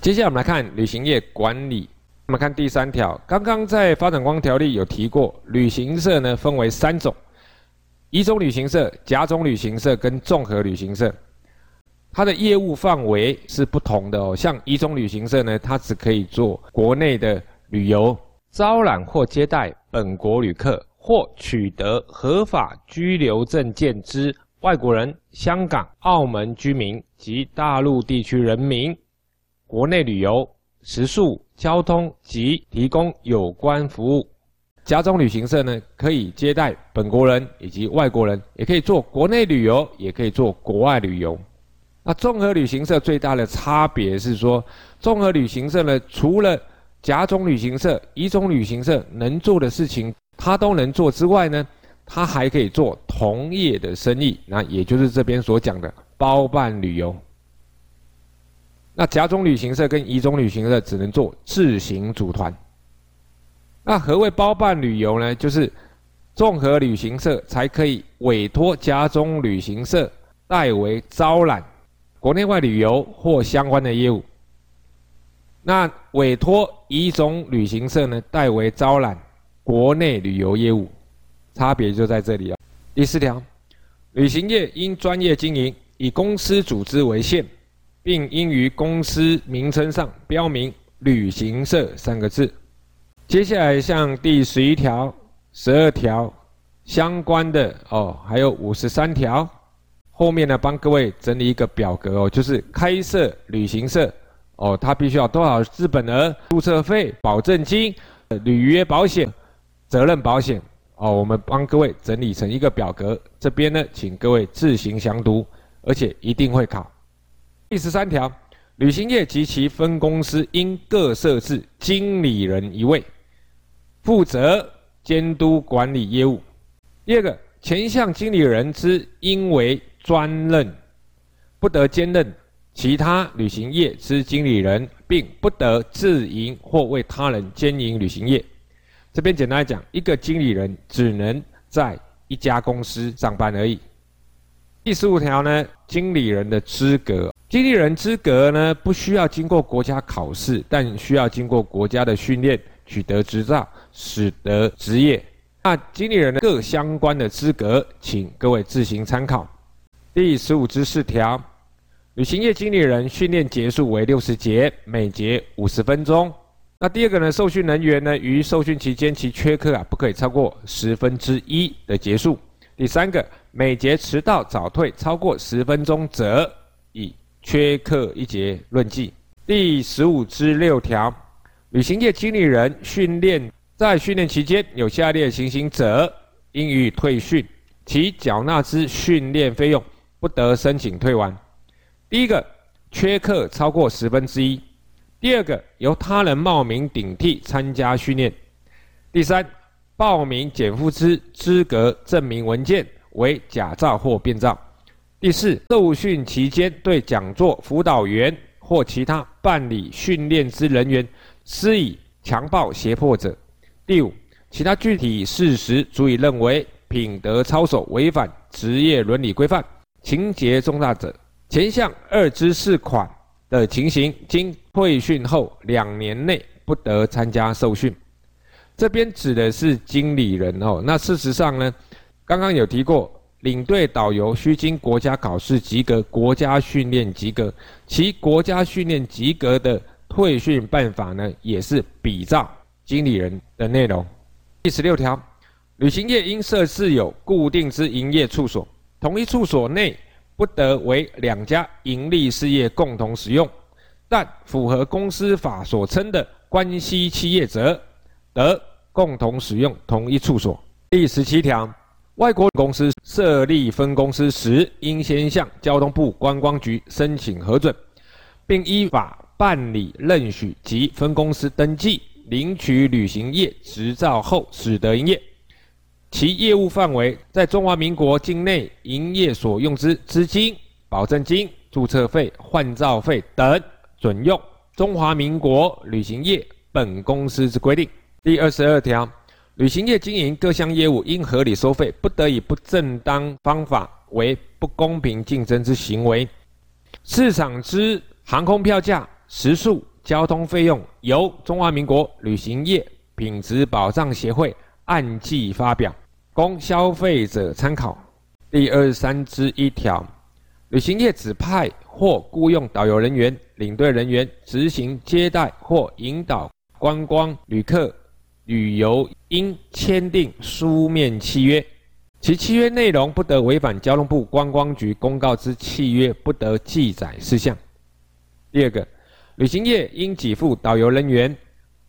接下來我們來看旅行業管理。我們看第三條，剛剛在發展觀光條例有提過，旅行社呢分為三種：乙種旅行社、甲種旅行社跟綜合旅行社。它的業務範圍是不同的哦。像乙種旅行社呢，它只可以做國內的旅遊，招攬或接待本國旅客，或取得合法居留證件之外國人、香港、澳門居民及大陸地區人民。國內旅遊食宿交通及提供有關服務，甲種旅行社呢可以接待本國人以及外國人，也可以做國內旅遊，也可以做國外旅遊。那綜合旅行社最大的差別是說，綜合旅行社呢除了甲種旅行社、乙種旅行社能做的事情，它都能做之外呢，它還可以做同業的生意，那也就是這邊所講的包辦旅遊。那甲種旅行社跟乙種旅行社只能做自行組團。那何謂包辦旅遊呢？就是綜合旅行社才可以委託甲種旅行社代為招攬國內外旅遊或相關的業務。那委託乙種旅行社呢，代為招攬國內旅遊業務，差別就在這裡了，啊。第四條，旅行業應專業經營，以公司組織為限。並應於公司名稱上標明“旅行社”三個字。接下來像第十一條、十二條相關的哦，還有五十三條，後面呢幫各位整理一個表格哦，就是開設旅行社哦，它必須要多少資本額、註冊費、保證金、履約保險、責任保險哦，我們幫各位整理成一個表格。這邊呢，請各位自行詳讀，而且一定會考。第十三條，旅行業及其分公司應各設置經理人一位，負責監督管理業務。第二個，前項經理人之應為專任，不得兼任其他旅行業之經理人，並不得自營或為他人兼營旅行業。這邊簡單來講，一個經理人只能在一家公司上班而已。第十五條呢，經理人的資格。經理人資格呢，不需要經過國家考試，但需要經過國家的訓練取得執照，使得職業。那經理人的各相關的資格，請各位自行參考。第十五之四條，旅行業經理人訓練結束為六十節，每節五十分鐘。那第二個呢，受訓人員呢，於受訓期間其缺課啊，不可以超過十分之一的結束。第三個，每節遲到早退超過十分鐘則以。缺課一節論計，第十五之六條，旅行業經理人訓練，在訓練期間有下列情形者，應予以退訓，其繳納之訓練費用不得申請退還。第一個，缺課超過十分之一；第二個，由他人冒名頂替參加訓練；第三，報名檢附之資、資格證明文件為假造或變造。第四，受訓期間對講座輔導員或其他辦理訓練之人員施以強暴脅迫者；第五，其他具體事實足以認為品德操守違反職業倫理規範，情節重大者。前項二至四款的情形，經退訓後兩年內不得參加受訓。這邊指的是經理人哦。那事實上呢，剛剛有提過。領隊導遊需經國家考試及格，國家訓練及格，其國家訓練及格的退訓辦法呢，也是比照經理人的內容。第十六條，旅行業應設置有固定之營業處所，同一處所內不得為兩家營利事業共同使用，但符合公司法所稱的關係企業則，則得共同使用同一處所。第十七條。外國公司設立分公司時，應先向交通部觀光局申請核准，並依法辦理認許及分公司登記、領取旅行業執照後，始得營業。其業務範圍在中華民國境內營業所用之資金、保證金、註冊費、換照費等，准用中華民國旅行業本公司之規定。第二十二條。旅行業經營各項業務應合理收費，不得以不正當方法為不公平競爭之行為。市場之航空票價、食宿、交通費用由中華民國旅行業品質保障協會按季發表，供消費者參考。第二十三之一條，旅行業指派或雇用導遊人員、領隊人員執行接待或引導觀光旅客。旅遊應簽訂書面契約，其契約內容不得違反交通部觀光局公告之契約不得記載事項。第二個，旅行業應給付導遊人員、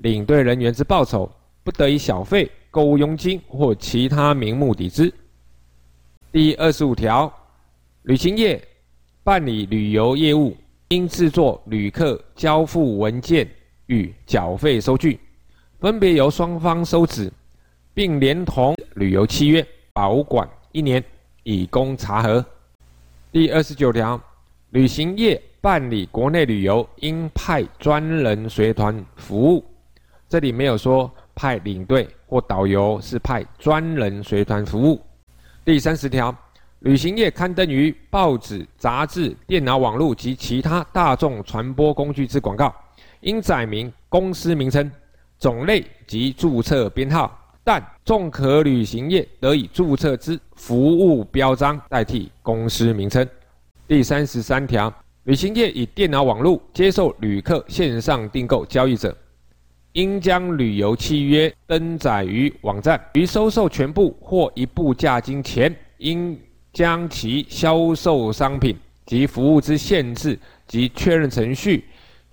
領隊人員之報酬，不得以小費、購物佣金或其他名目抵支。第二十五條，旅行業辦理旅遊業務，應製作旅客交付文件與繳費收據。分別由雙方收執，並連同旅遊契約保管一年，以供查核。第二十九條，旅行業辦理國內旅遊，應派專人隨團服務。這裡沒有說派領隊或導遊，是派專人隨團服務。第三十條，旅行業刊登於報紙、雜誌、電腦網路及其他大眾傳播工具之廣告，應載明公司名稱。種類及注冊編號，但綜合旅行業得以注冊之服務標章代替公司名稱。第三十三條，旅行業以電腦網路接受旅客線上訂購交易者，應將旅遊契約登載於網站；於收受全部或一部價金前，應將其銷售商品及服務之限制及確認程序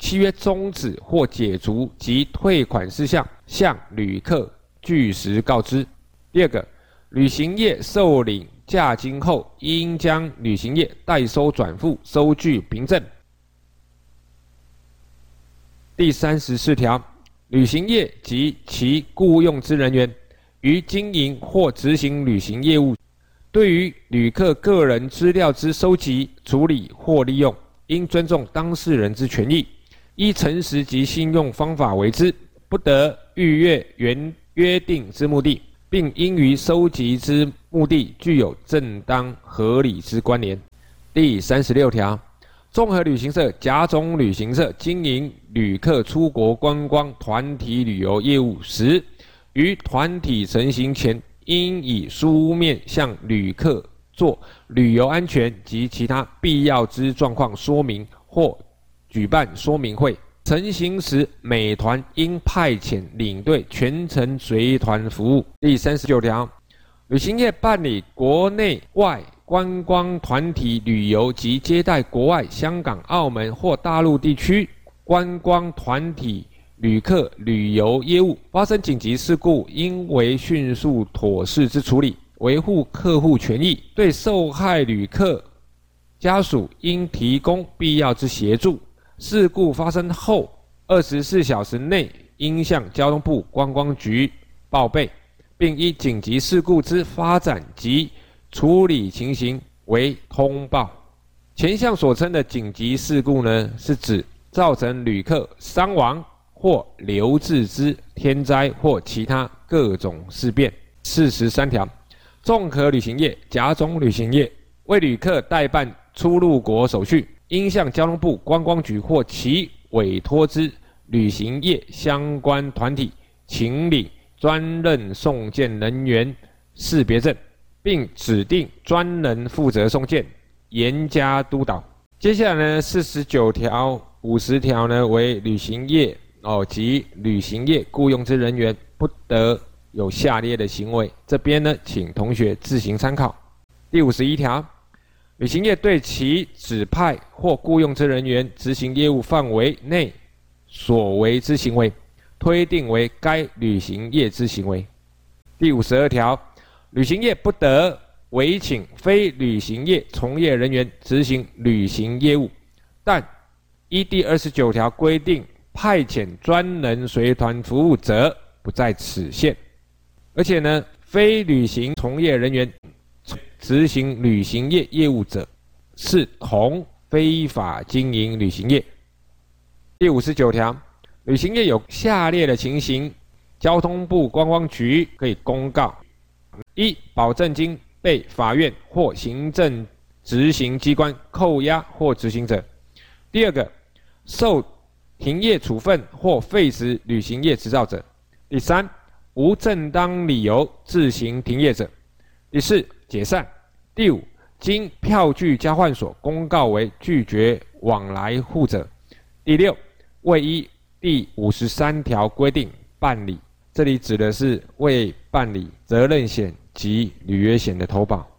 契約終止或解除及退款事項，向旅客據實告知。第二個，旅行業受領價金後，應將旅行業代收轉付收據憑證。第三十四條，旅行業及其僱傭之人員，於經營或執行旅行業務，對於旅客個人資料之收集、處理或利用，應尊重當事人之權益。依誠實及信用方法為之，不得逾越原約定之目的，並應於收集之目的具有正當合理之關聯。第三十六條，綜合旅行社、甲種旅行社經營旅客出國觀光團體旅遊業務時，於團體成行前，應以書面向旅客做旅遊安全及其他必要之狀況說明或。舉辦說明會，成行時，每團應派遣領隊全程隨團服務。第三十九條，旅行業辦理國內外觀光團體旅遊及接待國外、香港、澳門或大陸地區觀光團體旅客旅遊業務，發生緊急事故，應為迅速妥善之處理，維護客戶權益，對受害旅客家屬應提供必要之協助。事故發生後二十四小時內應向交通部觀光局報備，並依緊急事故之發展及處理情形為通報。前項所稱的緊急事故呢，是指造成旅客傷亡或留置之天災或其他各種事變。四十三條，綜合旅行業、甲種旅行業為旅客代辦出入國手續。應向交通部觀光局或其委托之旅行業相關團體，請領專任送件人員識別證，並指定專人負責送件，嚴加督導。接下來呢，四十九條、五十條呢，為旅行業哦及旅行業僱傭之人員不得有下列的行為。這邊呢，請同學自行參考。第五十一條。旅行業對其指派或僱傭之人員執行業務範圍內所為之行為，推定為該旅行業之行為。第五十二條，旅行業不得委請非旅行業從業人員執行旅行業務，但依第二十九條規定派遣專人隨團服務者，不在此限。而且呢，非旅行從業人員，執行旅行業業務者視同非法經營旅行業。第五十九條，旅行業有下列的情形，交通部觀光局可以公告：一、保證金被法院或行政執行機關扣押或執行者；第二個，受停業處分或廢止旅行業執照者；第三，無正當理由自行停業者；第四。解散。第五，經票據交換所公告為拒絕往來戶者。第六，未依第五十三條規定辦理，這裡指的是未辦理責任險及履約險的投保。